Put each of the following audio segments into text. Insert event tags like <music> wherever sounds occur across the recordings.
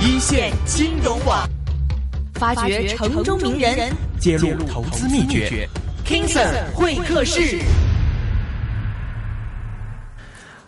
一線金融網，發掘城中名人，人，揭露投資秘訣，訣，King Sir 會客室。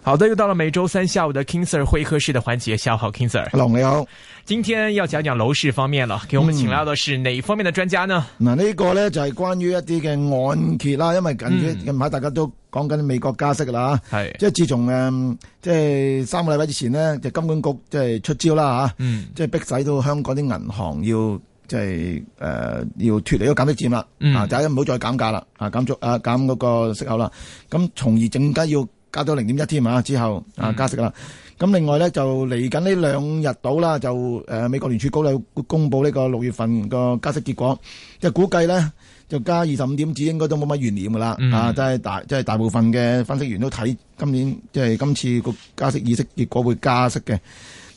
好的，又到了每周三下午的 King Sir 會客室的環節，下午好，King Sir，Hello，你好，今天要講講樓市方面了，給我們請到的是哪方面的專家呢？嗱、嗯，呢、嗯嗯這個呢就係關於一啲嘅按揭啦，因為近期近排大家都講緊美國加息啦，係、嗯，即係自從誒、嗯，即係三個禮拜之前呢就金管局即係出招啦，吓、嗯，即係逼使到香港啲銀行要即係誒、呃、要脫離個減息戰啦，大家唔好再減價啦，啊減啊減嗰個息口啦，咁從而更加要。加到零點一添啊！之後啊加息啦。咁、嗯、另外咧就嚟緊呢兩日到啦，就，就、呃、美國聯儲局有公佈呢個六月份個加息結果，即係估計咧就加二十五點子應該都冇乜懸念噶啦。啊，即係大即係大部分嘅分析員都睇今年即係、就是、今次個加息議息結果會加息嘅。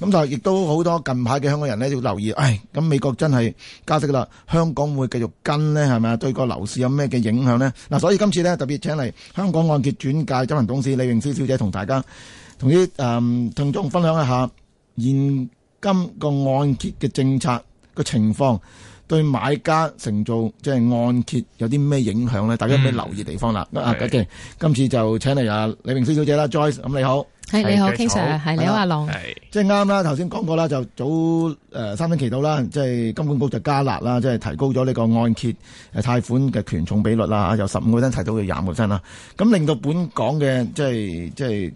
咁就係，亦都好多近排嘅香港人呢，要留意。唉，咁美國真係加息啦，香港會繼續跟呢，係咪啊？對個樓市有咩嘅影響呢？嗱，所以今次呢，特別請嚟香港按揭轉介執行董事李詠思小姐同大家，同啲誒同眾分享一下現今個按揭嘅政策個情況，對買家承造即係按揭有啲咩影響呢？大家要留意地方啦。阿、嗯、今次就請嚟啊李詠思小姐啦，Joyce，咁你好。係你好，King Sir 係你好，阿龍，啊，即係啱啦。頭先講過啦，就早誒、呃、三星期到啦，即係金管局就加辣啦，即係提高咗呢個按揭誒貸、呃、款嘅權重比率啦、啊，由十五個 percent 提到去廿個 percent 啦。咁令到本港嘅即係即係誒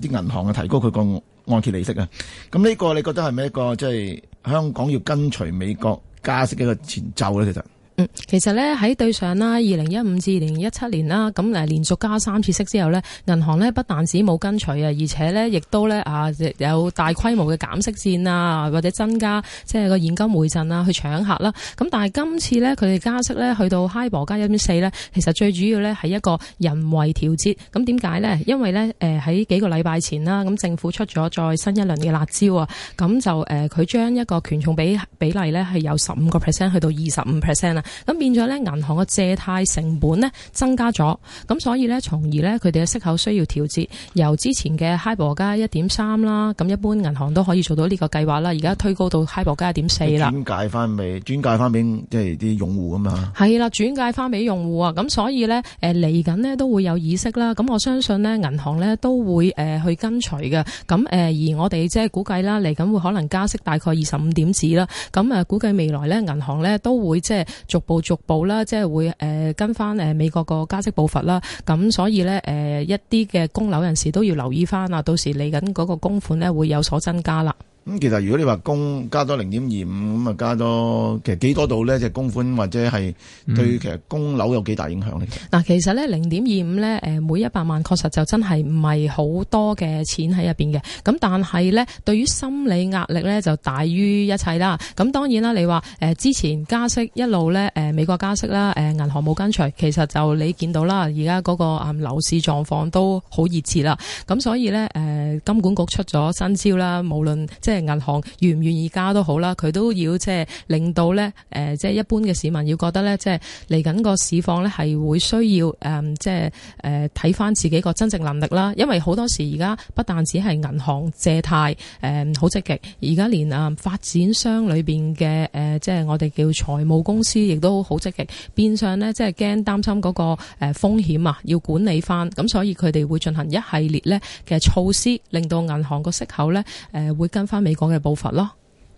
啲銀行嘅提高佢個按揭利息啊。咁呢個你覺得係咪一個即係香港要跟隨美國加息嘅一個前奏咧？其實？嗯，其實咧喺對上啦，二零一五至二零一七年啦，咁誒連續加三次息之後呢，銀行呢不但止冇跟隨啊，而且呢亦都咧啊有大規模嘅減息戰啊，或者增加即係個現金回贈啊，去搶客啦。咁但係今次呢，佢哋加息呢，去到 HIBOR 加一點四咧，其實最主要呢係一個人為調節。咁點解呢？因為呢，誒喺幾個禮拜前啦，咁政府出咗再新一輪嘅辣招啊，咁就誒佢將一個權重比比例呢，係有十五個 percent 去到二十五 percent 啊。咁變咗咧，銀行嘅借貸成本咧增加咗，咁所以咧，從而咧佢哋嘅息口需要調節，由之前嘅 HIBOR 加一點三啦，咁一般銀行都可以做到呢個計劃啦，而家推高到 HIBOR 加一點四啦。轉介翻俾轉介翻俾即係啲用戶吖嘛？係啦，轉介翻俾用戶啊，咁所以咧嚟緊呢都會有意識啦，咁我相信呢，銀行咧都會去跟隨嘅，咁而我哋即係估計啦嚟緊會可能加息大概二十五點子啦，咁估計未來咧銀行咧都會即係做。逐步逐步啦，即係會誒、呃、跟翻，誒美國個加息步伐啦，咁所以咧誒、呃、一啲嘅供樓人士都要留意翻啊，到時嚟緊嗰個供款咧會有所增加啦。咁其實如果你話供加多零點二五咁啊，加多其實幾多度呢？即係供款或者係對其實供樓有幾大影響呢？嗱、嗯，其實呢，零點二五呢，誒每一百萬確實就真係唔係好多嘅錢喺入邊嘅。咁但係呢，對於心理壓力呢，就大於一切啦。咁當然啦，你話誒、呃、之前加息一路呢，誒、呃、美國加息啦，誒、呃、銀行冇跟隨，其實就你見到啦，而家嗰個呃、樓市狀況都好熱切啦。咁所以呢，誒、呃、金管局出咗新招啦，無論即係銀行願唔願意加都好啦，佢都要即係令到咧誒，即係一般嘅市民要覺得咧，即係嚟緊個市況咧，係會需要誒、嗯，即係，誒睇翻自己個真正能力啦。因為好多時而家不但止係銀行借貸，誒好積極，而、嗯、家連誒發展商裏邊嘅誒即係我哋叫財務公司，亦都好積極。變相咧即係驚擔心嗰個誒風險啊，要管理翻，咁所以佢哋會進行一系列咧嘅措施，令到銀行個息口咧誒、呃、會跟翻。美國嘅步伐咯，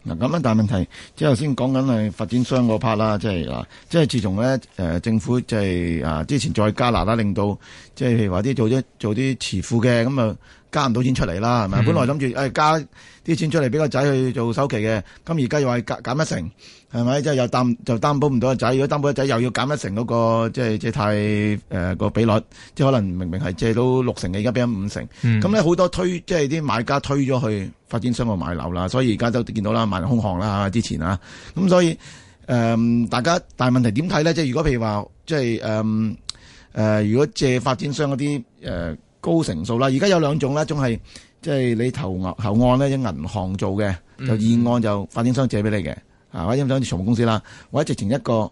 嗱咁啊，大問題即係頭先講緊係發展商嗰 part 啦，即係嗱，即係自從咧誒政府即係啊之前在加拿大令到，即係譬如話啲做啲做啲持富嘅咁啊。加唔到錢出嚟啦，係咪？嗯、本來諗住、哎、加啲錢出嚟俾個仔去做首期嘅，咁而家又話減減一成，係咪？即係又擔就擔保唔到個仔，如果擔保個仔又要減一成嗰、嗰個即係借貸誒個比率，即係可能明明係借到六成，而家俾咗五成。咁咧好多推即係啲買家推咗去發展商度買樓啦，所以而家都見到啦萬人空巷啦，之前啊，咁所以誒、呃、大家但係問題點睇咧？即係如果譬如話即係誒、呃呃、如果借發展商嗰啲誒。呃高成數啦，而家有兩種咧，一種係即係你頭頭按咧，喺銀行做嘅，就二按，就發展商借俾你嘅，啊、嗯、或者咁樣財務公司啦，或者直情一個誒、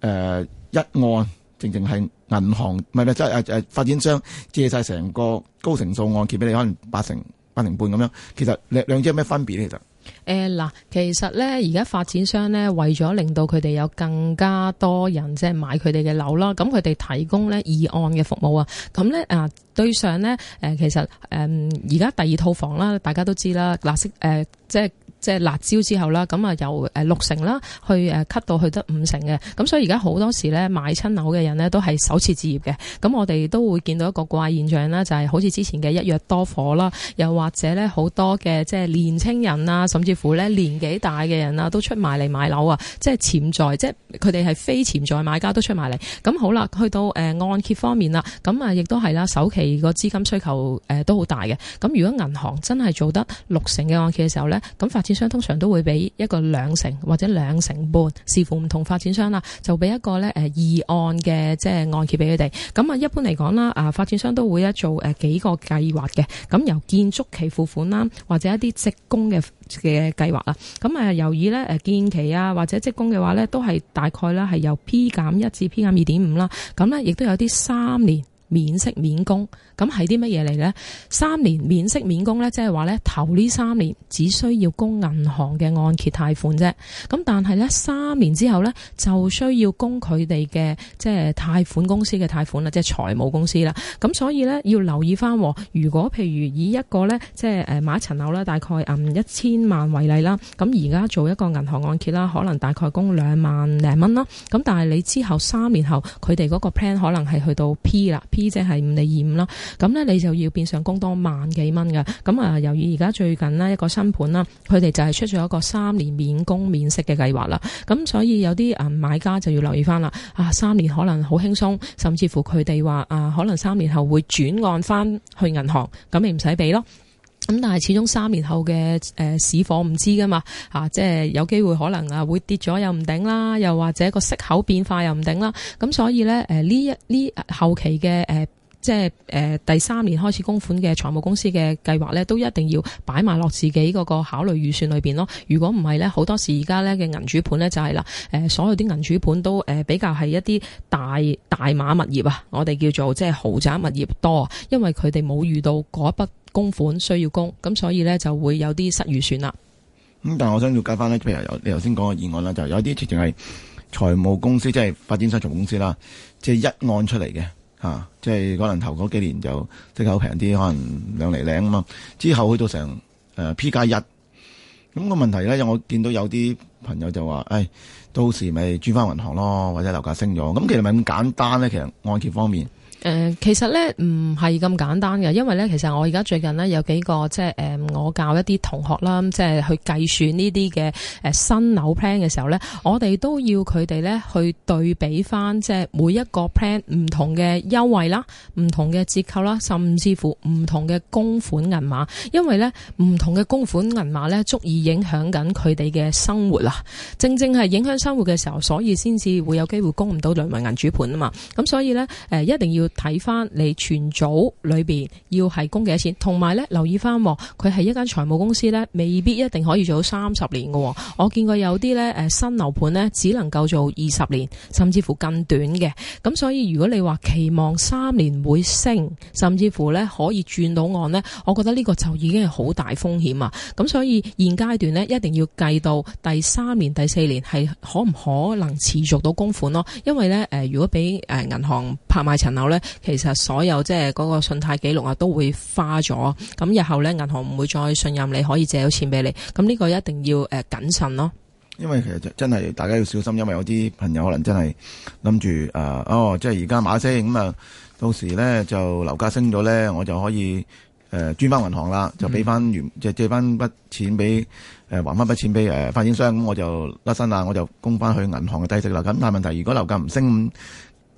呃、一按，淨淨係銀行唔係即係誒誒發展商借晒成個高成數按揭俾你，可能八成八成半咁樣，其實兩兩者有咩分別咧？其實？誒嗱，其實咧，而家發展商咧，為咗令到佢哋有更加多人，即係買佢哋嘅樓啦，咁佢哋提供咧二按嘅服務啊，咁咧啊，對上咧誒，其實誒而家第二套房啦，大家都知啦，嗱，即誒即。即係辣招之後啦，咁啊由誒六成啦，去 cut 到去得五成嘅，咁所以而家好多時咧買親樓嘅人咧都係首次置業嘅，咁我哋都會見到一個怪現象啦，就係好似之前嘅一約多伙啦，又或者咧好多嘅即係年青人啊，甚至乎咧年紀大嘅人啊都出埋嚟買樓啊，即係潛在，即係佢哋係非潛在買家都出埋嚟，咁好啦，去到誒按揭方面啦，咁啊亦都係啦，首期個資金需求誒都好大嘅，咁如果銀行真係做得六成嘅按揭嘅時候咧，咁發展商通常都會俾一個兩成或者兩成半，視乎唔同發展商啦，就俾一個咧誒二按嘅即係按揭俾佢哋。咁啊，一般嚟講啦，啊發展商都會咧做誒幾個計劃嘅。咁由建築期付款啦，或者一啲即供嘅嘅計劃啦。咁啊，由以咧誒建期啊或者即供嘅話咧，都係大概啦係由 P 減一至 P 減二點五啦。咁咧亦都有啲三年。免息免供咁係啲乜嘢嚟呢？三年免息免供呢，即係話呢頭呢三年只需要供銀行嘅按揭貸款啫。咁但係呢三年之後呢，就需要供佢哋嘅即係貸款公司嘅貸款啦，即係財務公司啦。咁所以呢，要留意翻，如果譬如以一個呢，即係誒買層樓啦，大概嗯一千萬為例啦，咁而家做一個銀行按揭啦，可能大概供兩萬零蚊啦。咁但係你之後三年後佢哋嗰個 plan 可能係去到 P 啦。即係五厘二五啦，咁咧你就要變相供多萬幾蚊㗎。咁啊由於而家最近呢一個新盤啦，佢哋就係出咗一個三年免供免息嘅計劃啦，咁所以有啲啊買家就要留意翻啦，啊三年可能好輕鬆，甚至乎佢哋話啊可能三年後會轉按翻去銀行，咁你唔使俾咯。咁但係始終三年後嘅誒市況唔知噶嘛，嚇，即係有機會可能啊會跌咗又唔頂啦，又或者個息口變化又唔頂啦，咁所以咧誒呢一呢後期嘅誒即係誒、呃，第三年開始供款嘅財務公司嘅計劃咧，都一定要擺埋落自己嗰個考慮預算裏邊咯。如果唔係咧，好多時而家咧嘅銀主盤咧就係、是、啦，誒、呃，所有啲銀主盤都誒、呃、比較係一啲大大碼物業啊，我哋叫做即係豪宅物業多，因為佢哋冇遇到嗰一筆供款需要供，咁所以咧就會有啲失預算啦。咁、嗯、但係我想要解翻咧，譬如有你頭先講嘅議案啦，就是、有一啲直情係財務公司，即、就、係、是、發展商、財務公司啦，即、就、係、是、一案出嚟嘅。吓、啊，即係可能頭幾年就即係好平啲，可能兩厘零啊嘛。之後去到成誒 P 加一，咁、呃、個問題咧，因我見到有啲朋友就話，誒、哎，到時咪轉翻銀行咯，或者樓價升咗，咁其實咪咁簡單咧？其實按揭方面。誒、呃，其實咧唔係咁簡單嘅，因為咧其實我而家最近呢，有幾個即係誒、呃，我教一啲同學啦，即係去計算呢啲嘅誒新樓 plan 嘅時候咧，我哋都要佢哋咧去對比翻即係每一個 plan 唔同嘅優惠啦、唔同嘅折扣啦，甚至乎唔同嘅供款銀碼，因為咧唔同嘅供款銀碼咧足以影響緊佢哋嘅生活啦，正正係影響生活嘅時候，所以先至會有機會供唔到兩銀主盤啊嘛！咁所以咧誒、呃，一定要。要睇翻你全組裏邊要係供幾多錢，同埋咧留意翻，佢係一間財務公司咧，未必一定可以做到三十年嘅。我見過有啲咧，誒新樓盤咧，只能夠做二十年，甚至乎更短嘅。咁所以如果你話期望三年會升，甚至乎咧可以轉到岸咧，我覺得呢個就已經係好大風險啊！咁所以現階段咧，一定要計到第三年、第四年係可唔可能持續到供款咯？因為咧，誒、呃、如果俾誒銀行拍賣層樓咧。其實所有即係嗰個信貸記錄啊，都會花咗。咁日後咧，銀行唔會再信任你可以借到錢俾你。咁呢個一定要誒謹慎咯。因為其實真係大家要小心，因為有啲朋友可能真係諗住誒，哦，即係而家馬升咁啊，到時咧就樓價升咗咧，我就可以誒轉翻銀行啦，就俾翻原即係、嗯、借翻筆錢俾誒還翻筆錢俾誒、呃、發展商，咁我就甩身啦，我就供翻去銀行嘅低息啦。咁但係問題，如果樓價唔升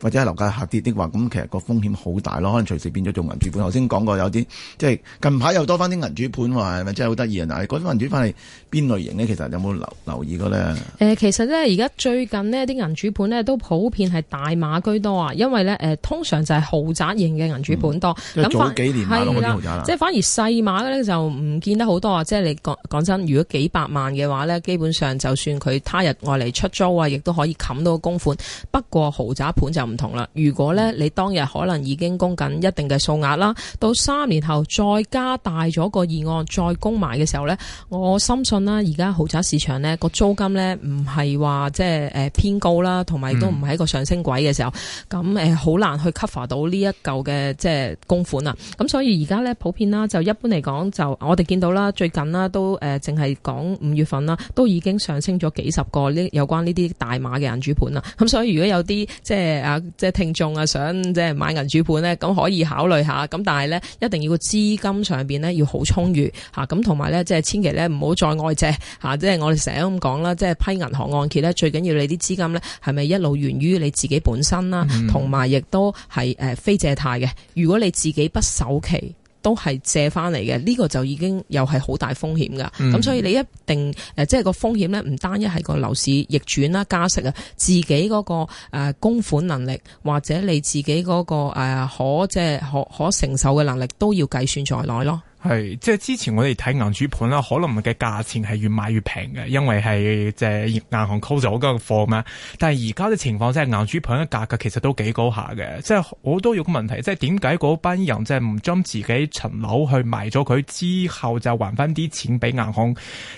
或者係樓價下跌的話，咁其實個風險好大咯。可能隨時變咗做銀主盤。頭先講過有啲，即係近排又多翻啲銀主盤，係咪真係好得意啊？嗱，嗰啲銀主盤係邊類型呢？其實有冇留留意過咧？誒，其實咧而家最近呢啲銀主盤咧都普遍係大碼居多啊，因為咧誒通常就係豪宅型嘅銀主盤多。咁、嗯、係早幾年買嗰啲豪宅啦。即係反而細碼咧就唔見得好多啊！即係你講講真，如果幾百萬嘅話咧，基本上就算佢他，他日外嚟出租啊，亦都可以冚到個公款。不過豪宅盤就不唔同啦，如果咧你當日可能已經供緊一定嘅數額啦，到三年後再加大咗個議案再供埋嘅時候呢，我深信啦，而家豪宅市場呢個租金呢，唔係話即係誒偏高啦，同埋都唔係一個上升軌嘅時候，咁誒好難去 cover 到呢一嚿嘅即係供款啦，咁所以而家呢，普遍啦，就一般嚟講就我哋見到啦，最近啦都誒淨係講五月份啦，都已經上升咗幾十個呢，有關呢啲大碼嘅業主盤啦，咁所以如果有啲即係啊。呃即係聽眾啊，想即係買銀主盤咧，咁可以考慮下。咁但係咧，一定要個資金上邊咧要好充裕吓。咁同埋咧，即係千祈咧唔好再外借吓。即係我哋成日咁講啦，即係批銀行按揭咧，最緊要你啲資金咧係咪一路源於你自己本身啦，同埋亦都係誒非借貸嘅。如果你自己不首期。都係借翻嚟嘅。呢、這個就已經又係好大風險噶。咁、嗯、所以你一定誒，即係個風險咧，唔單一係個樓市逆轉啦，加息啊，自己嗰個誒供款能力或者你自己嗰個誒可即係可可承受嘅能力都要計算在內咯。係，即係之前我哋睇銀主盤啦，可能嘅價錢係越賣越平嘅，因為係即係銀行 call 咗嗰個貨嘛。但係而家嘅情況即係銀主盤嘅價格其實都幾高下嘅，即係我都有個問題，即係點解嗰班人即係唔將自己層樓去賣咗佢之後就還翻啲錢俾銀行？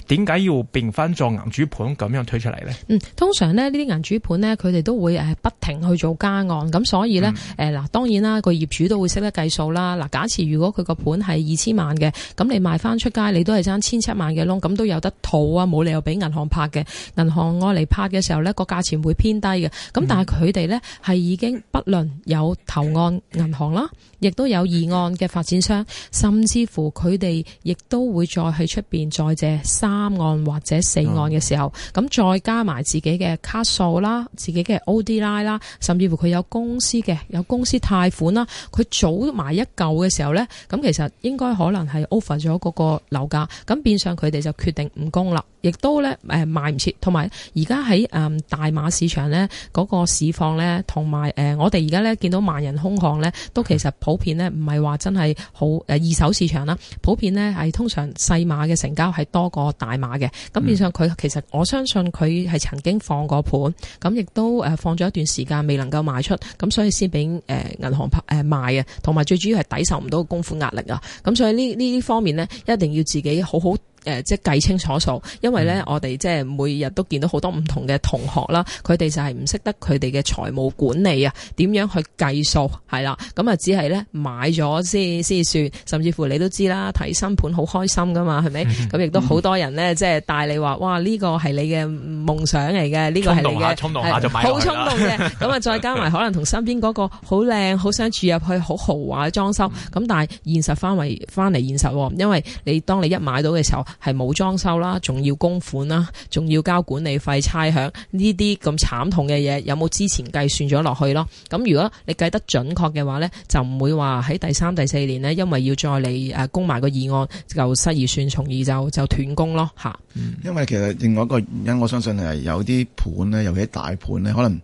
點解要變翻做銀主盤咁樣推出嚟呢？嗯，通常咧呢啲銀主盤呢，佢哋都會誒、呃、不停去做加按咁所以呢，誒、嗯、嗱、呃，當然啦，個業主都會識得計數啦。嗱，假設如果佢個盤係二千萬。嘅，咁你賣翻出街，你都係爭千七萬嘅窿，咁都有得套啊，冇理由俾銀行拍嘅。銀行愛嚟拍嘅時候呢，個價錢會偏低嘅。咁但係佢哋呢，係已經不論有投案銀行啦。亦都有二案嘅發展商，甚至乎佢哋亦都會再去出邊再借三案或者四案嘅時候，咁再加埋自己嘅卡數啦，自己嘅 ODI 啦，甚至乎佢有公司嘅有公司貸款啦，佢組埋一嚿嘅時候呢，咁其實應該可能係 over 咗嗰個樓價，咁變相佢哋就決定唔供啦。亦都咧，賣唔切，同埋而家喺誒大碼市場咧嗰個市況咧，同埋誒我哋而家咧見到萬人空巷咧，都其實普遍咧唔係話真係好二手市場啦，普遍咧係通常細碼嘅成交係多過大碼嘅。咁變相佢其實我相信佢係曾經放過盤，咁亦都放咗一段時間未能夠賣出，咁所以先俾誒銀行賣啊，同埋最主要係抵受唔到個供款壓力啊。咁所以呢呢啲方面咧，一定要自己好好。誒，即係計清楚數，因為咧，我哋即係每日都見到好多唔同嘅同學啦，佢哋就係唔識得佢哋嘅財務管理啊，點樣去計數係啦，咁啊，就只係咧買咗先先算，甚至乎你都知啦，睇新盤好開心噶嘛，係咪？咁亦都好多人咧，即係帶你話，哇！呢、呢個係你嘅夢想嚟嘅，呢、呢個係你嘅衝動，下、欸、衝動下就買啦，好衝動嘅。咁啊，再加埋可能同身邊嗰個好靚好想住入去好豪華嘅裝修，咁、嗯、但係現實翻回翻嚟現實，因為你當你一買到嘅時候。係冇裝修啦，仲要供款啦，仲要交管理費差餉呢啲咁慘痛嘅嘢，有冇之前計算咗落去咯？咁如果你計得準確嘅話咧，就唔會話喺第三、第四年呢，因為要再嚟誒供埋個二按，就失而算，從而就就斷供咯嚇、嗯。因為其實另外一個原因，我相信係有啲盤咧，尤其大盤咧，可能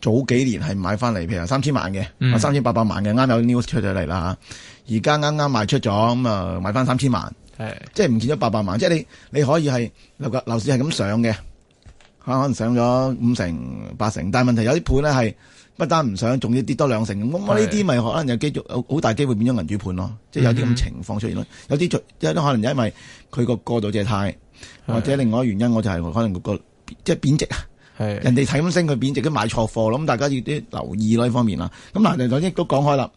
早幾年係買翻嚟，譬如三千萬嘅，三千八百萬嘅，啱啱有 news 出咗嚟啦嚇，而家啱啱賣出咗咁啊，買翻三千萬。係，即係唔見咗八百萬，即係你你可以係樓價、樓市係咁上嘅，可能上咗五成、八成，但係問題有啲盤咧係不單唔上，仲要跌多兩成，咁我呢啲咪可能有繼續好大機會變咗銀主盤咯，即係有啲咁情況出現咯、嗯，有啲有都可能係因為佢個過度借貸，或者另外一原因，我就係可能個即係貶值啊，係人哋睇咁升，佢貶值都買錯貨咯，咁大家要啲留意呢方面啦，咁嗱，你亦都講開啦。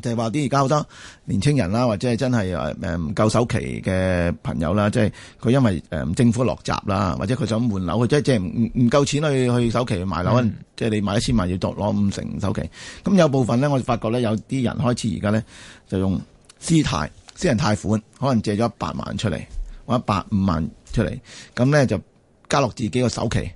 就係話啲而家好多年青人啦，或者真係唔夠首期嘅朋友啦，即係佢因為政府落閘啦，或者佢想換樓，佢即係即係唔唔夠錢去去首期去買樓，嗯、即係你買一千萬要度攞五成首期。咁有部分咧，我哋發覺咧，有啲人開始而家咧就用私貸私人貸款，可能借咗一百萬出嚟，或一百五萬出嚟，咁咧就加落自己個首期。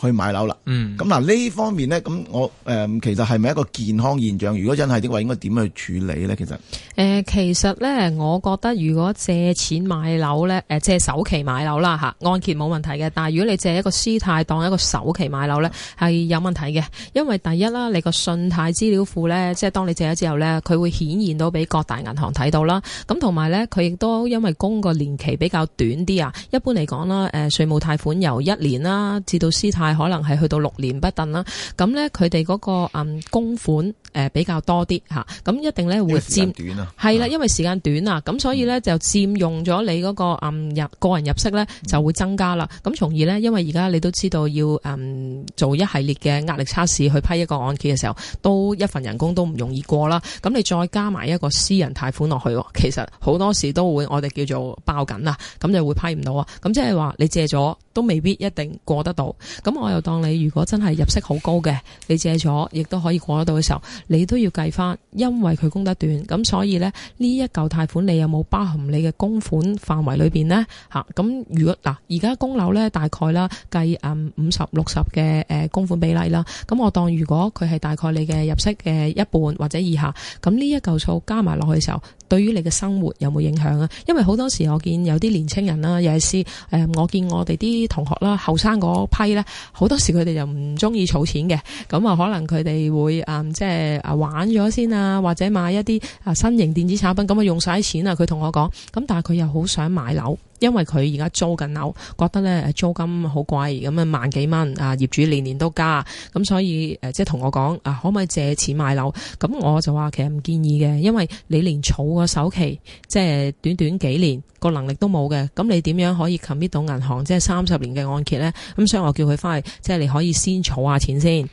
去買樓啦，嗯，咁嗱呢方面呢，咁我誒、呃、其實係咪一個健康現象？如果真係的話，應該點去處理呢？其實誒、呃，其實呢，我覺得如果借錢買樓呢，誒、呃、借首期買樓啦吓，按揭冇問題嘅。但係如果你借一個私貸當一個首期買樓呢，係有問題嘅。因為第一啦，你個信貸資料庫呢，即係當你借咗之後呢，佢會顯現到俾各大銀行睇到啦。咁同埋呢，佢亦都因為供個年期比較短啲啊，一般嚟講啦，誒、呃、稅務貸款由一年啦至到私貸。可能係去到六年不等啦。咁咧，佢哋嗰個嗯供款誒比較多啲嚇，咁一定咧會佔係啦，因為時間短啊，咁、嗯、所以咧就佔用咗你嗰、那個嗯入個人入息咧就會增加啦。咁、嗯、從而咧，因為而家你都知道要嗯做一系列嘅壓力測試去批一個按揭嘅時候，都一份人工都唔容易過啦。咁你再加埋一個私人貸款落去，其實好多時都會我哋叫做爆緊啦，咁就會批唔到啊。咁即係話你借咗都未必一定過得到咁。咁我又當你如果真係入息好高嘅，你借咗亦都可以過得到嘅時候，你都要計翻，因為佢供得短。咁所以呢,呢一嚿貸款你有冇包含你嘅供款範圍裏邊呢？吓、啊？咁如果嗱，而家供樓呢，大概啦計五十六十嘅誒供款比例啦，咁我當如果佢係大概你嘅入息嘅一半或者以下，咁呢一嚿數加埋落去嘅時候。對於你嘅生活有冇影響啊？因為好多時我見有啲年青人啦，尤其是誒，我見我哋啲同學啦，後生嗰批咧，好多時佢哋又唔中意儲錢嘅，咁啊可能佢哋會誒、嗯、即係啊玩咗先啊，或者買一啲啊新型電子產品，咁啊用晒錢啊，佢同我講，咁但係佢又好想買樓。因為佢而家租緊樓，覺得咧租金好貴，咁樣萬幾蚊，啊業主年年都加，咁所以誒即係同我講，啊可唔可以借錢買樓？咁我就話其實唔建議嘅，因為你連儲個首期，即係短短幾年個能力都冇嘅，咁你點樣可以 commit 到銀行即係三十年嘅按揭呢？咁所以我叫佢翻去，即係你可以先儲下錢先。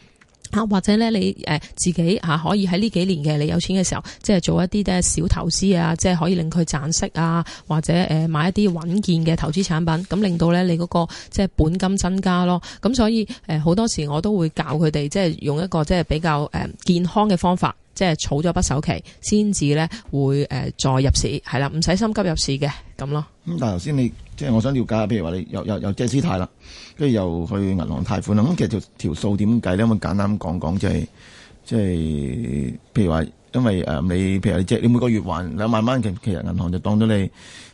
或者咧，你誒自己嚇可以喺呢幾年嘅你有錢嘅時候，即係做一啲即係小投資啊，即係可以令佢賺息啊，或者誒買一啲穩健嘅投資產品，咁令到咧你嗰個即係本金增加咯。咁所以誒好多時我都會教佢哋即係用一個即係比較誒健康嘅方法，即係儲咗筆首期先至咧會誒再入市係啦，唔使心急入市嘅咁咯。咁但頭先你。即係我想了解下，譬如話你又又又借私貸啦，跟住又去銀行貸款啦。咁其實條條數點計咧？可唔可以簡單講講，即係？即係即係譬如話，因為誒、呃、你譬如話你借，即你每個月還兩萬蚊，其實銀行就當咗你，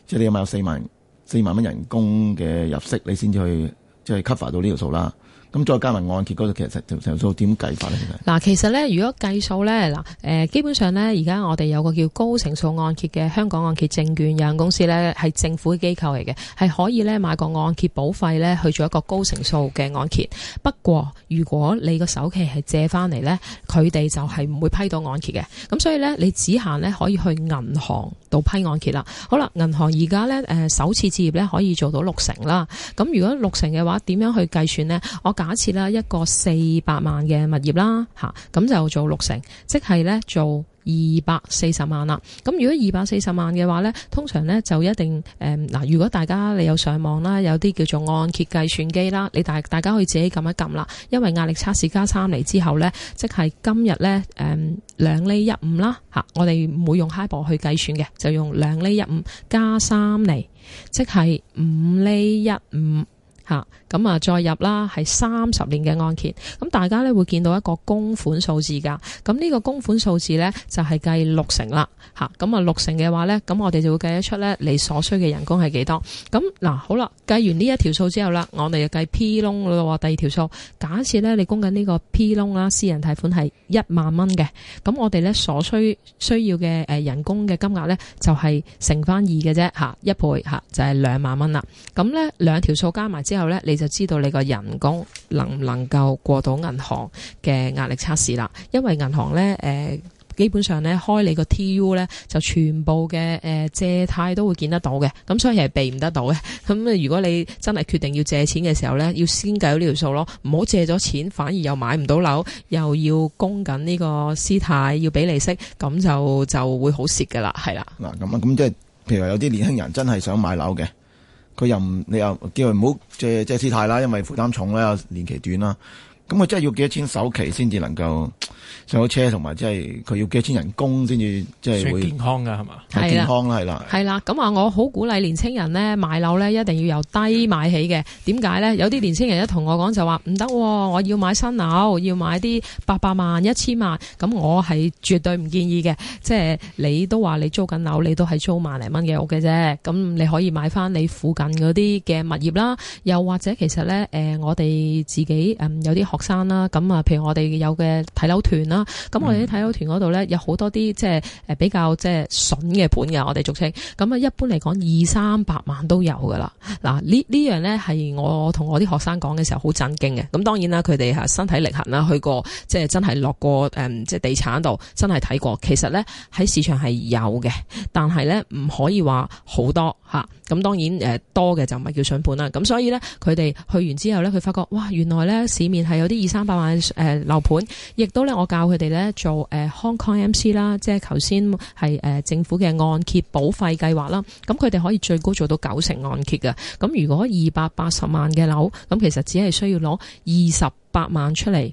即係你有咪有，有四萬四萬蚊人工嘅入息，你先至去即係 cover 到呢條數啦。咁再加埋按揭嗰度，其實成成數點計法呢？嗱，其實咧，如果計數咧，嗱，誒，基本上咧，而家我哋有個叫高成數按揭嘅香港按揭證券有限公司咧，係政府機構嚟嘅，係可以咧買個按揭保費咧去做一個高成數嘅按揭。不過，如果你個首期係借翻嚟咧，佢哋就係唔會批到按揭嘅。咁所以咧，你只限咧可以去銀行。到批按揭啦，好啦，銀行而家咧，誒、呃，首次置業咧可以做到六成啦。咁如果六成嘅話，點樣去計算咧？我假設啦，一個四百萬嘅物業啦，吓，咁就做六成，即係咧做。二百四十萬啦，咁如果二百四十萬嘅話呢，通常呢就一定誒嗱、呃，如果大家你有上網啦，有啲叫做按揭計算機啦，你大大家可以自己撳一撳啦，因為壓力測試加三厘之後呢，即係今日呢誒兩厘一五啦，嚇，我哋唔會用 HIBOR 去計算嘅，就用兩厘一五加三厘，即係五厘一五。吓咁啊，再入啦，係三十年嘅按揭。咁大家咧會見到一個供款數字噶。咁、這、呢個供款數字咧就係計六成啦。吓咁啊，六成嘅話咧，咁我哋就會計得出咧你所需嘅人工係幾多。咁嗱，好啦，計完呢一條數之後啦，我哋就計 P Loan 咯，第二條數。假設咧你供緊呢個 P Loan 啦，私人貸款係一萬蚊嘅，咁我哋咧所需需要嘅誒人工嘅金額咧就係乘翻二嘅啫。吓一倍吓就係兩萬蚊啦。咁咧兩條數加埋之後。然後咧，你就知道你個人工能唔能夠過到銀行嘅壓力測試啦。因為銀行咧，誒，基本上咧開你個 TU 咧，就全部嘅誒借貸都會見得到嘅。咁所以係避唔得到嘅。咁如果你真係決定要借錢嘅時候咧，要先計到呢條數咯。唔好借咗錢，反而又買唔到樓，又要供緊呢個私貸，要俾利息，咁就就會好蝕噶啦。係啦。嗱，咁啊，咁即係，譬如有啲年輕人真係想買樓嘅。佢又唔，你又叫佢唔好借借師太啦，因為負擔重啦，年期短啦。咁佢真係要幾多錢首期先至能夠上到車，同埋即係佢要幾多錢人工先至即係會健康㗎係嘛？係健康啦係啦，係啦。咁啊，我好鼓勵年青人咧買樓咧，一定要由低買起嘅。點解咧？有啲年青人一同我講就話唔得喎，我要買新樓，要買啲八百萬、一千萬。咁我係絕對唔建議嘅。即係你都話你租緊樓，你都係租萬零蚊嘅屋嘅啫。咁你可以買翻你附近嗰啲嘅物業啦，又或者其實咧、呃、我哋自己、呃、有啲學學生啦，咁啊，譬如我哋有嘅睇樓團啦，咁、嗯、我哋啲睇樓團嗰度咧，有好多啲即係誒比較即係筍嘅盤嘅，我哋俗稱，咁啊一般嚟講二三百萬都有噶啦。嗱，呢呢樣咧係我同我啲學生講嘅時候好震驚嘅。咁當然啦，佢哋吓身體力行啦，去過即係真係落過誒，即係地產度真係睇過。其實咧喺市場係有嘅，但係咧唔可以話好多吓。咁當然誒多嘅就唔係叫筍盤啦。咁所以咧佢哋去完之後咧，佢發覺哇，原來咧市面係有。啲二三百萬誒樓盤，亦都咧我教佢哋咧做誒 Hong Kong MC 啦，即係頭先係誒政府嘅按揭保費計劃啦。咁佢哋可以最高做到九成按揭嘅。咁如果二百八十萬嘅樓，咁其實只係需要攞二十八萬出嚟，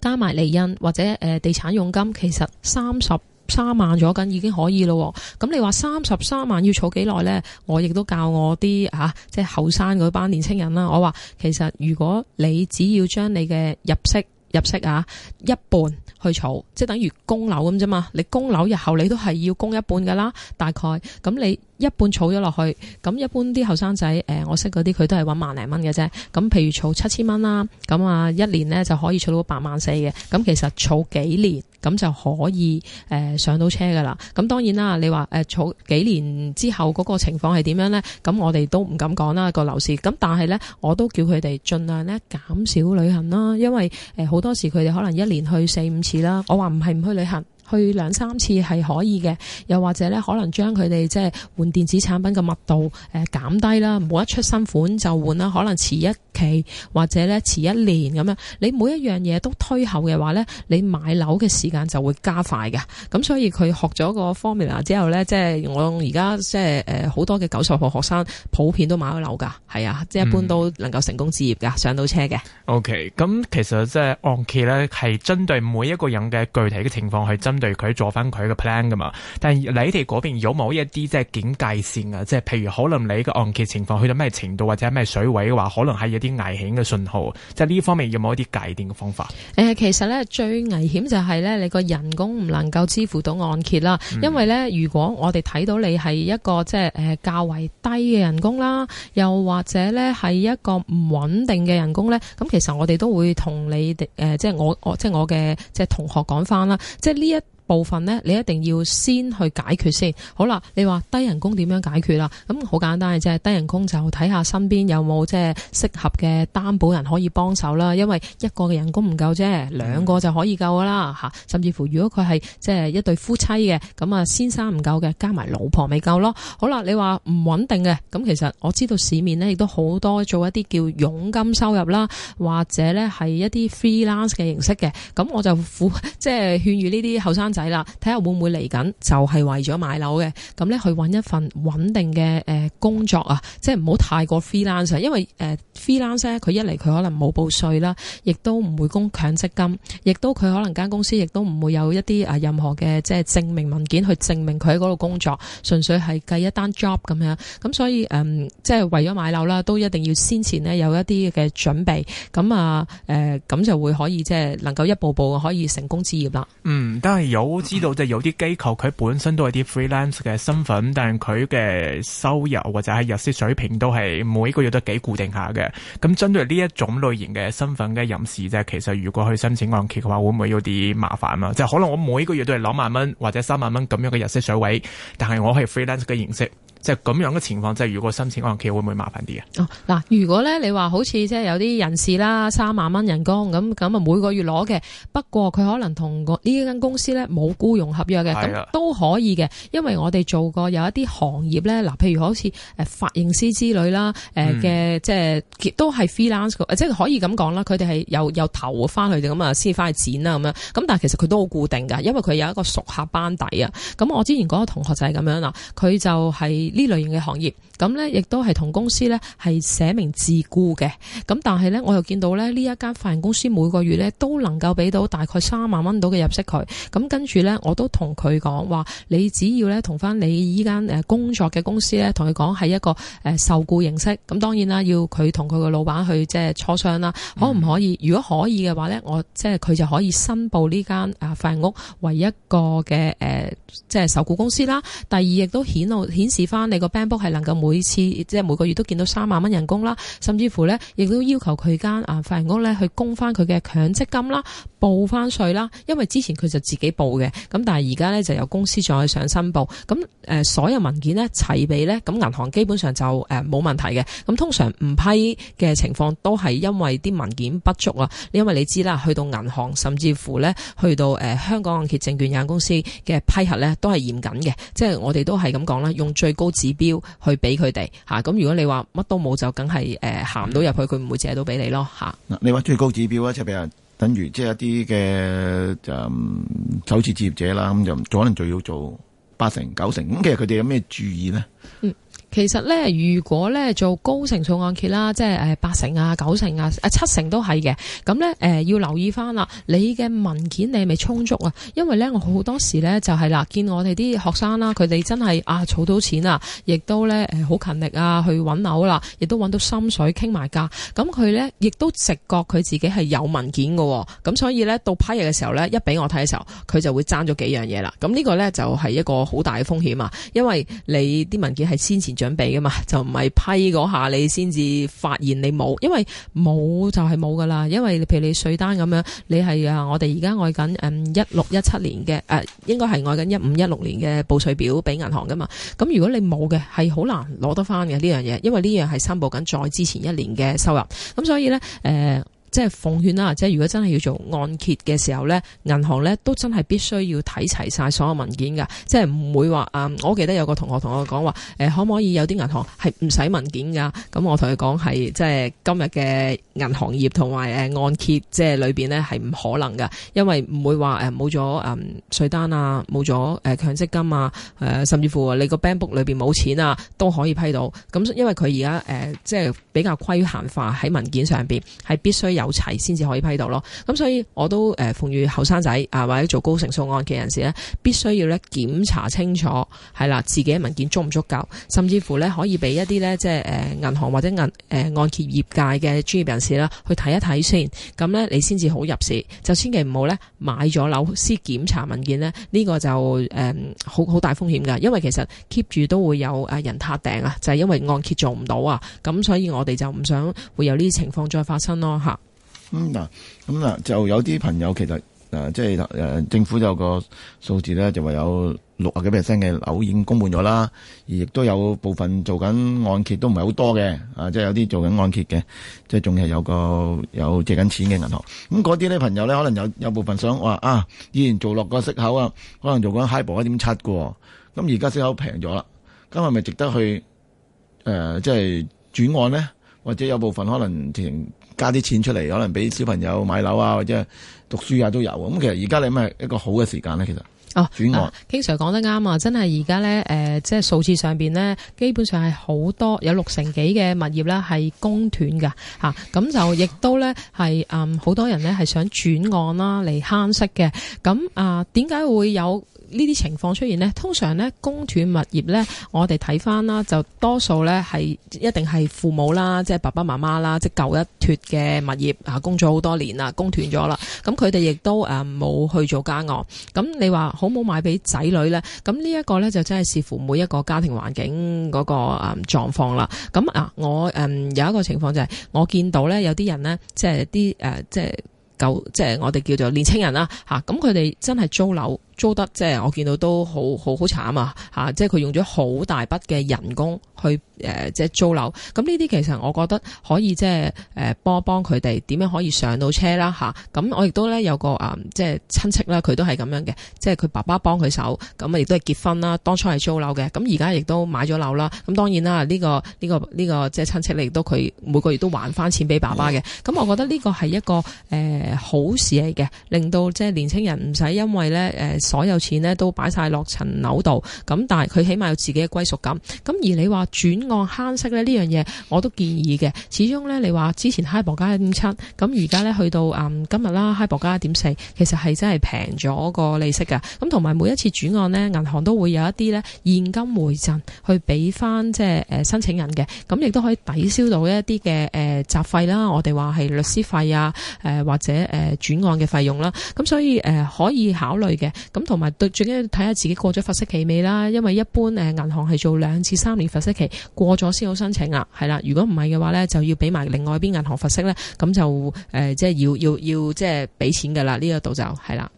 加埋釐印或者誒地產佣金，其實三十三萬咗緊已經可以咯，咁你話三十三萬要儲幾耐呢？我亦都教我啲啊，即係後生嗰班年青人啦。我話其實如果你只要將你嘅入息入息啊一半去儲，即等於供樓咁啫嘛。你供樓日後你都係要供一半噶啦，大概咁你。一半儲咗落去，咁一般啲後生仔，誒我識嗰啲佢都係搵萬零蚊嘅啫。咁譬如儲七千蚊啦，咁啊一年呢就可以儲到八萬四嘅。咁其實儲幾年，咁就可以誒上到車噶啦。咁當然啦，你話誒儲幾年之後嗰個情況係點樣呢？咁我哋都唔敢講啦，個樓市。咁但係呢，我都叫佢哋盡量呢減少旅行啦，因為誒好多時佢哋可能一年去四五次啦。我話唔係唔去旅行。去兩三次係可以嘅，又或者咧可能將佢哋即係換電子產品嘅密度誒減、呃、低啦，唔好一出新款就換啦，可能遲一期或者咧遲一年咁樣，你每一樣嘢都推後嘅話咧，你買樓嘅時間就會加快嘅。咁所以佢學咗個 formula 之後咧，即係我而家即係誒好多嘅九十後學生普遍都買咗樓噶，係啊，即係一般都能夠成功置業嘅，嗯、上到車嘅。OK，咁其實即係按揭咧係針對每一個人嘅具體嘅情況去針。對佢做翻佢嘅 plan 噶嘛？但係你哋嗰邊有冇一啲即係警戒線啊？即係譬如可能你嘅按揭情況去到咩程度或者咩水位嘅話，可能係有啲危險嘅信號。即係呢方面有冇一啲界定嘅方法？誒，其實咧最危險就係咧你個人工唔能夠支付到按揭啦。因為咧如果我哋睇到你係一個即係誒較為低嘅人工啦，又或者咧係一個唔穩定嘅人工咧，咁其實我哋都會同你哋誒即係我我即係我嘅即係同學講翻啦。即係呢一部分咧，你一定要先去解決先。好啦，你話低人工點樣解決啦？咁好簡單嘅啫，低人工就睇下身邊有冇即係適合嘅擔保人可以幫手啦。因為一個嘅人工唔夠啫，兩個就可以夠噶啦吓，甚至乎如果佢係即係一對夫妻嘅，咁啊先生唔夠嘅，加埋老婆未夠咯。好啦，你話唔穩定嘅，咁其實我知道市面咧亦都好多做一啲叫佣金收入啦，或者咧係一啲 freelance 嘅形式嘅。咁我就苦即係勸喻呢啲後生仔啦，睇下會唔會嚟緊，就係為咗買樓嘅。咁咧，去搵一份穩定嘅誒工作啊，即係唔好太過 freelancer，因為誒 freelancer 佢一嚟佢可能冇報稅啦，亦都唔會供強積金，亦都佢可能間公司亦都唔會有一啲啊任何嘅即係證明文件去證明佢喺嗰度工作，純粹係計一單 job 咁樣。咁所以誒、嗯，即係為咗買樓啦，都一定要先前咧有一啲嘅準備。咁啊誒，咁就會可以即係能夠一步步可以成功置業啦。嗯，都係有。我知道即係有啲機構佢本身都係啲 freelance 嘅身份，但係佢嘅收入或者係日薪水平都係每個月都幾固定下嘅。咁針對呢一種類型嘅身份嘅人士，即係其實如果去申請按揭嘅話，會唔會有啲麻煩啊？即係可能我每個月都係兩萬蚊或者三萬蚊咁樣嘅日薪水位，但係我係 freelance 嘅形式。即係咁樣嘅情況，即係如果申請按揭會唔會麻煩啲啊？嗱，如果咧你話好似即係有啲人士啦，三萬蚊人工咁咁啊，每個月攞嘅。不過佢可能同呢間公司咧冇僱傭合約嘅，咁都可以嘅。因為我哋做過有一啲行業咧，嗱、呃，譬如好似誒髮型師之類啦，嘅、呃嗯、即係都係 freelance，即係可以咁講啦。佢哋係有有投翻去哋咁啊，先翻去剪啦咁樣。咁但係其實佢都好固定㗎，因為佢有一個熟客班底啊。咁我之前嗰個同學就係咁樣啦，佢就係、是。呢類型嘅行業，咁咧亦都係同公司咧係寫明自僱嘅，咁但係咧我又見到咧呢一間髮型公司每個月咧都能夠俾到大概三萬蚊到嘅入息佢，咁跟住咧我都同佢講話，你只要咧同翻你依間誒工作嘅公司咧，同佢講係一個誒受僱形式，咁當然啦，要佢同佢個老闆去即係磋商啦，嗯，可唔可以？如果可以嘅話咧，我即係佢就可以申報呢間啊髮型屋為一個嘅誒即係受僱公司啦。第二亦都顯露顯示翻。你個 bankbook 係能夠每次即係每個月都見到三萬蚊人工啦，甚至乎呢亦都要求佢間啊髮型屋呢去供翻佢嘅強積金啦，報翻稅啦，因為之前佢就自己報嘅，咁但係而家呢就由公司再上申報，咁誒所有文件呢齊備呢，咁銀行基本上就誒冇問題嘅，咁通常唔批嘅情況都係因為啲文件不足啊，因為你知啦，去到銀行，甚至乎呢去到誒香港按揭證券有限公司嘅批核呢都係嚴謹嘅，即係我哋都係咁講啦，用最高。指標去俾佢哋吓，咁、啊、如果你話乜都冇就，梗係誒行唔到入去，佢唔會借到俾你咯吓。嗱、啊，你話最高指標即係譬如等於即係一啲嘅就、嗯、首次置業者啦，咁就可能就要做八成九成。咁其實佢哋有咩注意咧？嗯。其實咧，如果咧做高成數按揭啦，即係八成啊、九成啊、七成都係嘅。咁咧、呃、要留意翻啦，你嘅文件你係咪充足啊。因為咧我好多時咧就係、是、啦見我哋啲學生啦，佢哋真係啊儲到錢啊，亦都咧好勤力啊去揾樓啦，亦都揾到心水傾埋價。咁佢咧亦都直覺佢自己係有文件喎、哦。咁所以咧到批嘢嘅時候咧，一俾我睇嘅時候，佢就會爭咗幾樣嘢啦。咁、這個、呢個咧就係、是、一個好大嘅風險啊，因為你啲文件係先前準備噶嘛，就唔係批嗰下你先至發現你冇，因為冇就係冇噶啦。因為你譬如你稅單咁樣，你係啊，我哋而家愛緊誒一六一七年嘅，誒、呃，應該係愛緊一五一六年嘅報稅表俾銀行噶嘛。咁如果你冇嘅，係好難攞得翻嘅呢樣嘢，因為呢樣係申報緊再之前一年嘅收入。咁所以呢。誒、呃。即係奉勸啦，即係如果真係要做按揭嘅時候呢，銀行呢都真係必須要睇齊晒所有文件㗎，即係唔會話啊、嗯！我記得有個同學同我講話，誒、呃、可唔可以有啲銀行係唔使文件㗎？咁我同佢講係即係今日嘅銀行業同埋按揭即係裏面呢係唔可能㗎，因為唔會話冇咗誒稅單啊，冇咗、呃、強積金啊，呃、甚至乎你個 bankbook 裏面冇錢啊都可以批到。咁因為佢而家即係比較規限化喺文件上面係必須有。有齊先至可以批到咯。咁所以我都誒，奉勸後生仔啊，或者做高成數按揭人士呢，必須要咧，檢查清楚係啦，自己嘅文件足唔足夠，甚至乎呢可以俾一啲呢即係誒，銀行或者銀誒，按揭業界嘅專業人士啦，去睇一睇先。咁呢你先至好入市，就千祈唔好呢買咗樓先檢查文件呢。呢個就誒，好好大風險噶，因為其實 keep 住都會有人撻訂啊，就係因為按揭做唔到啊。咁所以我哋就唔想會有呢啲情況再發生咯，吓。咁、嗯、嗱，咁就有啲朋友其實，誒、啊，即係誒政府就有個數字咧，就話有六十幾 percent 嘅樓已經供滿咗啦，而亦都有部分做緊按揭都唔係好多嘅，啊，即、就、係、是、有啲做緊按揭嘅，即係仲係有個有借緊錢嘅銀行。咁嗰啲咧朋友咧，可能有有部分想話啊，以前做落個息口啊，可能做緊 HIBOR 一點七喎。咁而家息口平咗啦，咁係咪值得去誒，即係轉按呢？或者有部分可能停，加啲錢出嚟，可能俾小朋友買樓啊，或者讀書啊，都有啊。咁其實而家你諗係一個好嘅時間咧，其實。哦、oh，經常講得啱啊！真係而家咧，誒，即係數字上邊咧，基本上係好多有六成幾嘅物業咧係供斷嘅嚇。咁就亦都咧係嗯好多人咧係想轉按啦嚟慳息嘅。咁啊，點解會有呢啲情況出現呢？通常咧供斷物業咧，我哋睇翻啦，就多數咧係一定係父母啦，即係爸爸媽媽啦，即係舊一脱嘅物業啊，供咗好多年啦，供斷咗啦，咁佢哋亦都誒冇去做加按，咁你話？好冇買俾仔女呢？咁呢一個呢，就真係視乎每一個家庭環境嗰個啊狀況啦。咁啊，我誒有一個情況就係我見到呢，有啲人呢，即係啲誒即係九，即係我哋叫做年青人啦吓。咁佢哋真係租樓租得，即係我見到都好好好慘啊！嚇、啊，即係佢用咗好大筆嘅人工去誒、呃，即係租樓。咁呢啲其實我覺得可以即係誒幫幫佢哋點樣可以上到車啦嚇。咁我亦都咧有個啊，即係親戚啦，佢都係咁樣嘅，即係佢爸爸幫佢手，咁啊亦都係結婚啦，當初係租樓嘅，咁而家亦都買咗樓啦。咁當然啦，呢個呢個呢個即係親戚，亦都佢、呢個呢個呢個、每個月都還翻錢俾爸爸嘅。咁我覺得呢個係一個誒、呃、好事嚟嘅，令到即係年青人唔使因為咧、呃、所有錢咧都擺晒落層樓度咁。但係佢起碼有自己嘅歸屬感。咁而你話轉按慳息咧呢樣嘢，我都建議嘅。始終咧，你話之前嗨博加一點七，咁而家咧去到誒、嗯、今日啦，嗨博加一點四，其實係真係平咗個利息噶。咁同埋每一次轉按咧，銀行都會有一啲咧現金回贈，去俾翻即係誒申請人嘅。咁亦都可以抵消到一啲嘅誒雜費啦。我哋話係律師費啊，誒、呃、或者誒、呃、轉按嘅費用啦。咁所以誒、呃、可以考慮嘅。咁同埋對最緊要睇下自己過咗罰息期未啦。因為一般誒銀行係做兩至三年罰息期，過咗先好申請啊，係啦，如果唔係嘅話咧，就要俾埋另外一邊銀行罰息咧，咁就誒、呃、即係要要要即係俾錢噶啦，呢一度就係啦。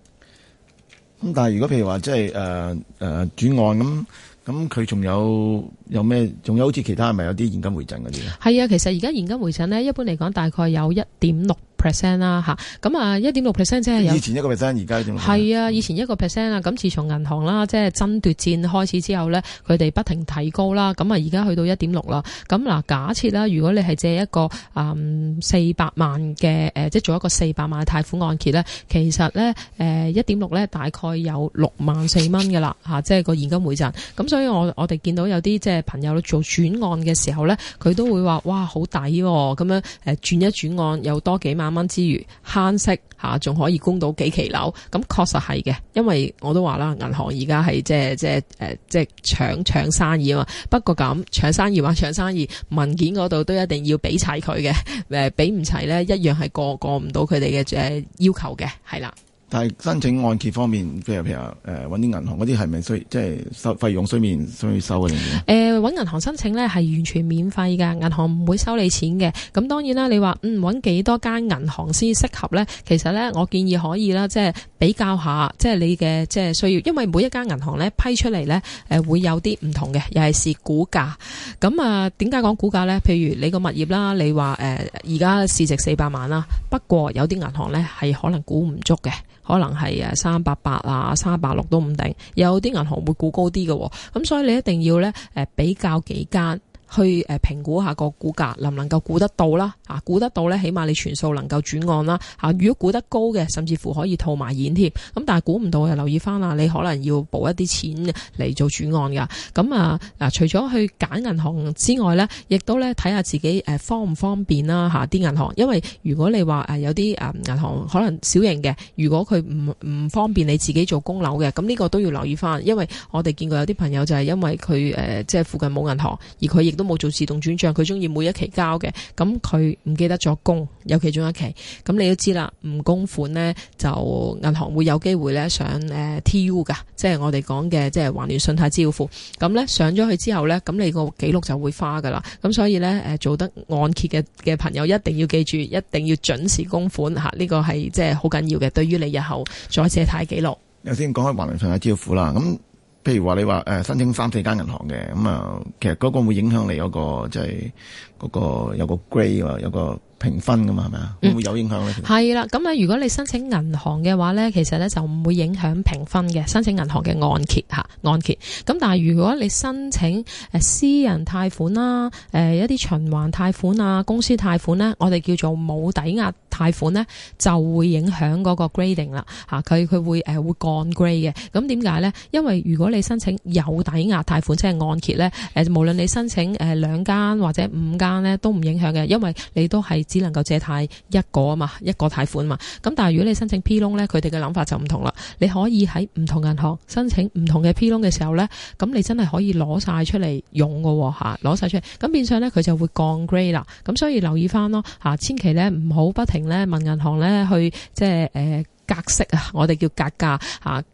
咁但係如果譬如話即係誒誒轉按咁，咁佢仲有有咩？仲有好似其他係咪有啲現金回贈嗰啲啊？係啊，其實而家現金回贈咧，一般嚟講大概有一點六。percent 啦吓，咁啊一點六 percent 即係有，以前一個 percent，而家點？係啊，以前一個 percent 啊，咁自從銀行啦，即係爭奪戰開始之後咧，佢哋不停提高啦，咁啊而家去到一點六啦。咁嗱，假設啦，如果你係借一個嗯四百萬嘅誒，即係做一個四百萬嘅貸款按揭咧，其實咧誒一點六咧大概有六萬四蚊嘅啦吓， <laughs> 即係個現金回贈。咁所以我我哋見到有啲即係朋友做轉按嘅時候咧，佢都會話哇好抵喎，咁樣誒轉一轉按又多幾萬。之餘慳息吓，仲可以供到幾期樓，咁確實係嘅。因為我都話啦，銀行而家係即係即係誒，即係搶搶生意啊嘛。不過咁搶生意話搶生意，文件嗰度都一定要俾齊佢嘅。誒，俾唔齊呢一樣係過過唔到佢哋嘅誒要求嘅，係啦。但係申請按揭方面，即係譬如誒揾啲銀行嗰啲係咪需要即係收費用需面需要收嘅？誒揾、呃、銀行申請咧係完全免費㗎，銀行唔會收你錢嘅。咁當然啦，你話嗯揾幾多間銀行先適合咧？其實咧，我建議可以啦，即係比較下，即係你嘅即係需要，因為每一間銀行咧批出嚟咧誒會有啲唔同嘅，又係試估價。咁啊點解講估價咧？譬如你個物業啦，你話誒而家市值四百萬啦，不過有啲銀行咧係可能估唔足嘅。可能係誒三百八啊，三百六都唔定，有啲銀行會估高啲嘅，咁所以你一定要咧誒比較幾間。去誒評估下個估價能唔能夠估得到啦？估得到咧，起碼你全數能夠轉按啦。如果估得高嘅，甚至乎可以套埋現添。咁但係估唔到嘅，就留意翻啦，你可能要補一啲錢嚟做轉按噶。咁啊，嗱，除咗去揀銀行之外咧，亦都咧睇下自己誒方唔方便啦。吓、啊，啲銀行，因為如果你話誒有啲誒銀行可能小型嘅，如果佢唔唔方便你自己做供樓嘅，咁呢個都要留意翻。因為我哋見過有啲朋友就係因為佢誒即係附近冇銀行，而佢亦。都冇做自動轉賬，佢中意每一期交嘅，咁佢唔記得咗供，有其中一期，咁你都知啦，唔供款呢，就銀行會有機會咧上誒 T.U. 噶，即係我哋講嘅即係環聯信貸支付，咁呢，上咗去之後呢，咁你個記錄就會花噶啦，咁所以呢，誒做得按揭嘅嘅朋友一定要記住，一定要準時供款吓，呢、啊這個係即係好緊要嘅，對於你日後做借貸記錄。頭先講開環聯信貸支付啦，咁。譬如話你話誒，申請三四間銀行嘅咁啊，其實嗰個會影響你嗰、嗰個即係嗰個有個 grade 有個評分噶嘛，係咪啊？嗯，會唔會有影響咧。係啦，咁如果你申請銀行嘅話咧，其實咧就唔會影響評分嘅。申請銀行嘅按揭吓，按揭咁。但係如果你申請誒私人貸款啦，誒、呃、一啲循環貸款啊，公司貸款咧，我哋叫做冇抵押。貸款咧就會影響嗰個 grading 啦，佢、啊、佢會、呃、會降 grade 嘅。咁點解咧？因為如果你申請有抵押貸款，即係按揭咧、呃，無論你申請兩間、呃、或者五間咧都唔影響嘅，因為你都係只能夠借貸一個啊嘛，一個貸款啊嘛。咁但係如果你申請 P loan 咧，佢哋嘅諗法就唔同啦。你可以喺唔同銀行申請唔同嘅 P loan 嘅時候咧，咁你真係可以攞曬出嚟用嘅喎，攞曬出嚟。咁變相咧佢就會降 grade 啦。咁、啊、所以留意翻咯、啊、千祈咧唔好不停。咧問銀行咧去即係誒格息格啊，我哋叫格價嚇。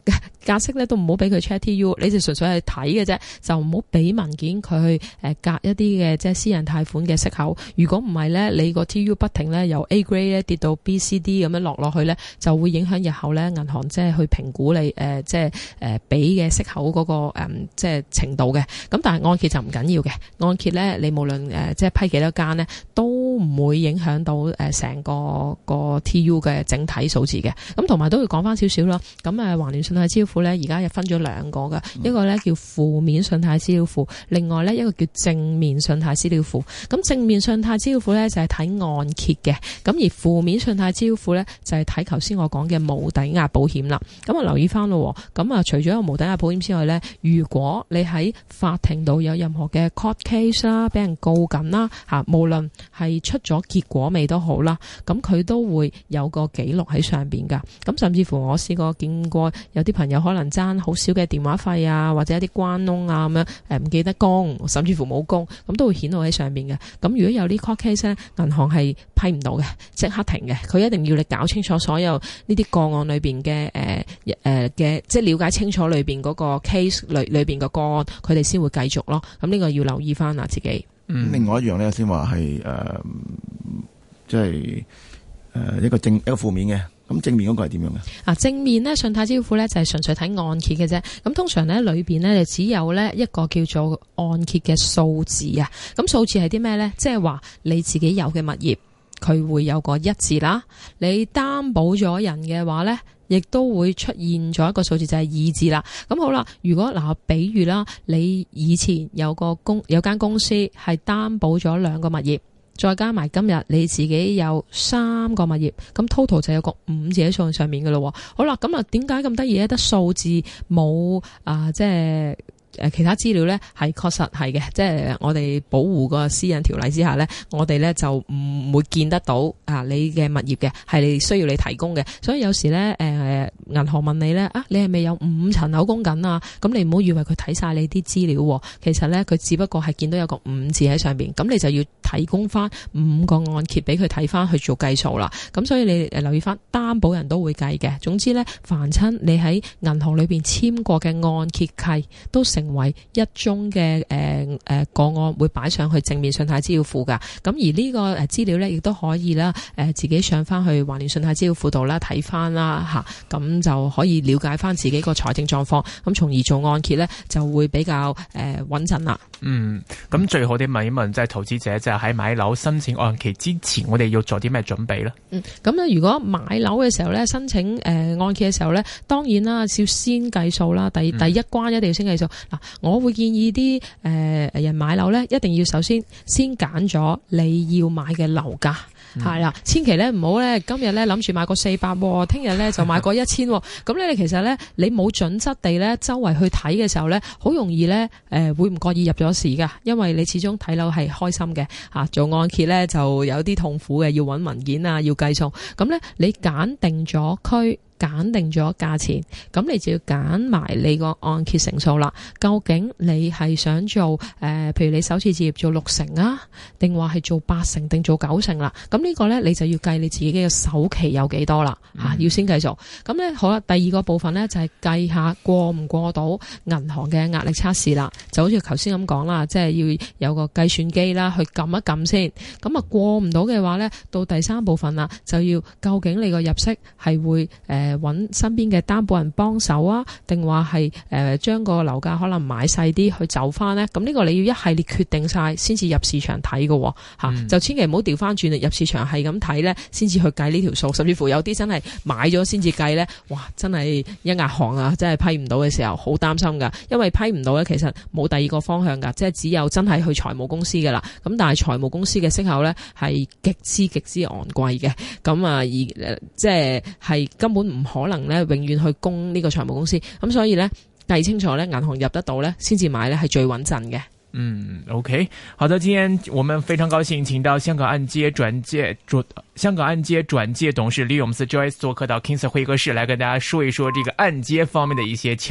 格式咧都唔好俾佢 check T U，你就純粹係睇嘅啫，就唔好俾文件佢去隔一啲嘅即係私人貸款嘅息口。如果唔係咧，你個 T U 不停咧由 A grade 咧跌到 B C D 咁樣落落去咧，就會影響日後咧銀行即係去評估你、呃、即係畀俾嘅息口嗰、嗰個、呃、即係程度嘅。咁但係按揭就唔緊要嘅，按揭咧你無論、呃、即係批幾多間咧，都唔會影響到成、呃、個個 T U 嘅整體數字嘅。咁同埋都要講翻少少啦。咁誒環聯信貸庫咧，而家又分咗兩個嘅，一個咧叫負面信貸資料庫，另外咧一個叫正面信貸資料庫。咁正面信貸資料庫咧就係睇按揭嘅，咁而負面信貸資料庫咧就係睇頭先我講嘅無抵押保險啦。咁啊留意翻咯，咁啊除咗有個無抵押保險之外咧，如果你喺法庭度有任何嘅 court case 啦，俾人告緊啦，吓無論係出咗結果未都好啦，咁佢都會有個記錄喺上邊噶。咁甚至乎我試過見過有啲朋友。可能爭好少嘅電話費啊，或者一啲關窿啊咁樣，誒、嗯、唔記得供，甚至乎冇供，咁都會顯露喺上邊嘅。咁如果有啲 case 咧，銀行係批唔到嘅，即刻停嘅。佢一定要你搞清楚所有呢啲個案裏邊嘅誒誒嘅，即係瞭解清楚裏邊嗰個 case 裏裏邊個個案，佢哋先會繼續咯。咁、這、呢個要留意翻啦自己。嗯，另外一樣咧先話係誒，即係誒、呃、一個正一個負面嘅。咁正面嗰個係點樣？啊，正面咧，信貸招付咧就係純粹睇按揭嘅啫。咁通常咧，裏邊咧就只有咧一個叫做按揭嘅數字啊。咁數字係啲咩咧？即係話你自己有嘅物業，佢會有個一字啦。你擔保咗人嘅話咧，亦都會出現咗一個數字，就係二字啦。咁好啦，如果嗱，比如啦，你以前有個公，有間公司係擔保咗兩個物業。再加埋今日你自己有三個物業，咁 total 就有個五字喺數上面嘅咯。好啦，咁啊點解咁得意咧？得數字冇啊、呃，即係。誒其他資料咧係確實係嘅，即係我哋保護個私隱條例之下咧，我哋咧就唔會見得到啊你嘅物業嘅係你需要你提供嘅，所以有時咧誒、呃、銀行問你咧啊，你係咪有五層樓供緊啊？咁你唔好以為佢睇晒你啲資料，其實咧佢只不過係見到有個五字喺上面，咁你就要提供翻五個按揭俾佢睇翻去做計數啦。咁所以你留意翻擔保人都會計嘅，總之咧凡親你喺銀行裏面簽過嘅按揭契都成。為一宗嘅，誒誒個案會擺上去正面信貸資料庫㗎，咁而個資呢個誒資料咧亦都可以啦，誒、呃、自己上翻去環聯信貸資料庫度啦，睇翻啦吓，咁、啊、就可以了解翻自己個財政狀況，咁從而做按揭咧就會比較誒穩陣啦。嗯，咁最好啲問一問，即係、就是、投資者，就喺、是、買樓申請按揭之前，我哋要做啲咩準備咧？嗯，咁、嗯、咧、嗯嗯嗯、如果買樓嘅時候咧申請誒按揭嘅時候咧，當然啦，要先計數啦，第第一關一定要先計數。嗯我會建議啲誒、呃、人買樓呢一定要首先先揀咗你要買嘅樓價，係、嗯、啦，千祈唔好呢，今日呢諗住買個四百，聽日呢就買個一千，咁、嗯、咧、嗯、其實呢，你冇準則地呢周圍去睇嘅時候呢，好容易呢誒會唔覺意入咗市㗎，因為你始終睇樓係開心嘅，做按揭呢就有啲痛苦嘅，要揾文件啊，要計數，咁呢，你揀定咗區。揀定咗價錢，咁你就要揀埋你個按揭成數啦。究竟你係想做誒、呃，譬如你首次置業做六成啊，定話係做八成定做九成啦、啊？咁呢個呢，你就要計你自己嘅首期有幾多啦嚇、嗯啊，要先計數。咁呢，好啦，第二個部分呢，就係、是、計下過唔過到銀行嘅壓力測試啦。就好似頭先咁講啦，即、就、係、是、要有個計算機啦，去撳一撳先。咁啊過唔到嘅話呢，到第三部分啦，就要究竟你個入息係會誒？呃揾身邊嘅擔保人幫手啊，定話係誒將個樓價可能買細啲去走返呢？咁、這、呢個你要一系列決定晒先至入市場睇㗎吓，就千祈唔好調返轉嚟入市場係咁睇呢，先至去計呢條數，甚至乎有啲真係買咗先至計呢，哇！真係一壓行啊，真係批唔到嘅時候好擔心㗎，因為批唔到呢，其實冇第二個方向㗎，即係只有真係去財務公司㗎喇。咁但係財務公司嘅息口呢，係極之極之昂貴嘅，咁啊而、呃、即係根本唔。唔可能咧永遠去供呢個財務公司，咁、嗯、所以咧計清楚咧，銀行入得到咧，先至買咧係最穩陣嘅。嗯，OK。好的，今天我們非常高興，請到香港按揭轉介，香港按揭轉介董事李詠思 Joyce 做客到 King Sir 會客室，嚟跟大家說一說這個按揭方面的一些竅。